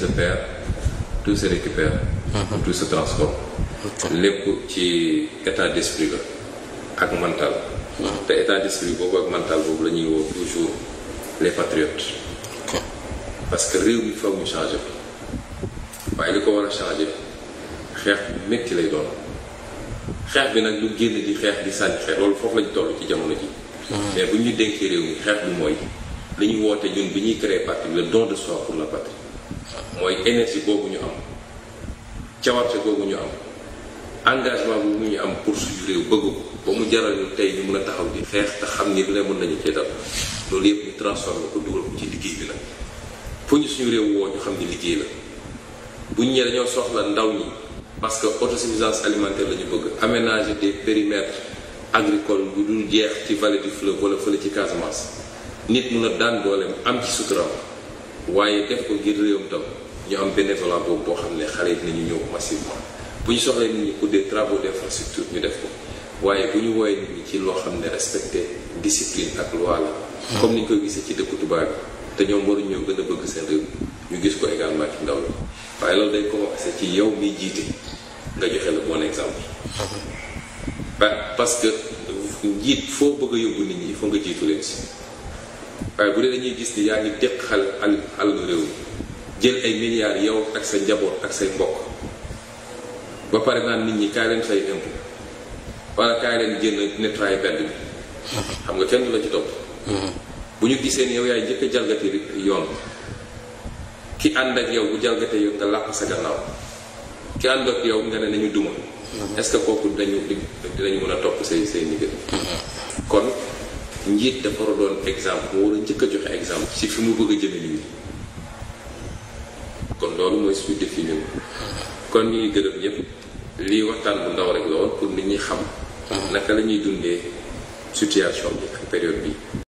se perd tout se récupère mhm. tout se transforme lépp ci état d'esprit la ak mental mhm. te état d'esprit boobu ak mantal boobu la ñuy woo toujours les patriotes parce que réew mi foog mu changé ko waaye li ko war a changé xeex bu métti lay doon xeex bi nag lu génn di xeex di sànni xeex loolu foofu lañ toll ci jamono ji mhm. mais bu ñu dénkee réew mi xeex bi mooy li ñu woote ñun bi ñuy créer parti bi le don de soi pour la patrie mooy énergie boobu ñu am cawarte boobu ñu am engagement boobu ñu am pour suñu réew bëgg ba mu jaral ñu tey ñu mën a taxaw di xeex te xam ni ne mën nañu cee dal loolu yëpp ñu transformé ko dugal ko ci liggéey bi nag fu ñu suñu réew woo ñu xam ni liggéey la bu ñu ñee dañoo soxla ndaw ñi parce que autosuffisance alimentaire la ñu bëgg aménager des périmètres agricoles bu dul jeex ci vallée du fleuve wala fële ci Casamance nit mun a daan dooleem am ci suturam waaye def ko ngir réewam tam ñu am bénévolat boobu boo xam ne xale yi dinañu ñëw massivement bu ñu soxlee nit ñi pour des travaux d'infrastructure ñu def ko waaye bu ñu woowee nit ñi ci loo xam ne respecté discipline ak loi la. comme ni ñu gisee ci dëkku tubaab te ñoom waruñu ñoo gën bëgg seen ñu gis ko également ci ndaw la waaye loolu day commencé ci yow mi jiite nga joxe le bon exemple. parce que njiit foo bëgg a yóbbu nit ñi foo nga jiitu leen si. waaye bu dee dañuy gis ni yaa ngi déqal al al réew jël ay milliards yow ak sa njaboot ak say mbokk ba pare naan nit ñi kaay leen fay impôt wala kaay leen génn nettoyé bedd bi xam nga kenn du la ci topp bu ñu gisee ni yow yaay njëkk a jalgati yoon ki ànd ak yow bu jalgatee yow nga làq sa gannaaw ki ànd ak yow nga ne nañu duma est-ce que dañu dañu mën a topp say say ndigal mm-hmm. kon njiit dafa war a doon exemple moo war a njëkk a joxe exemple si fi mu bëgg a jëme nit ñi kon loolu mooy suñu défi ñun kon ñu ngi gërëm ñëpp lii waxtaan bu ndaw rek lool woon pour nit ñi xam naka la ñuy dundee situation bi ak période bi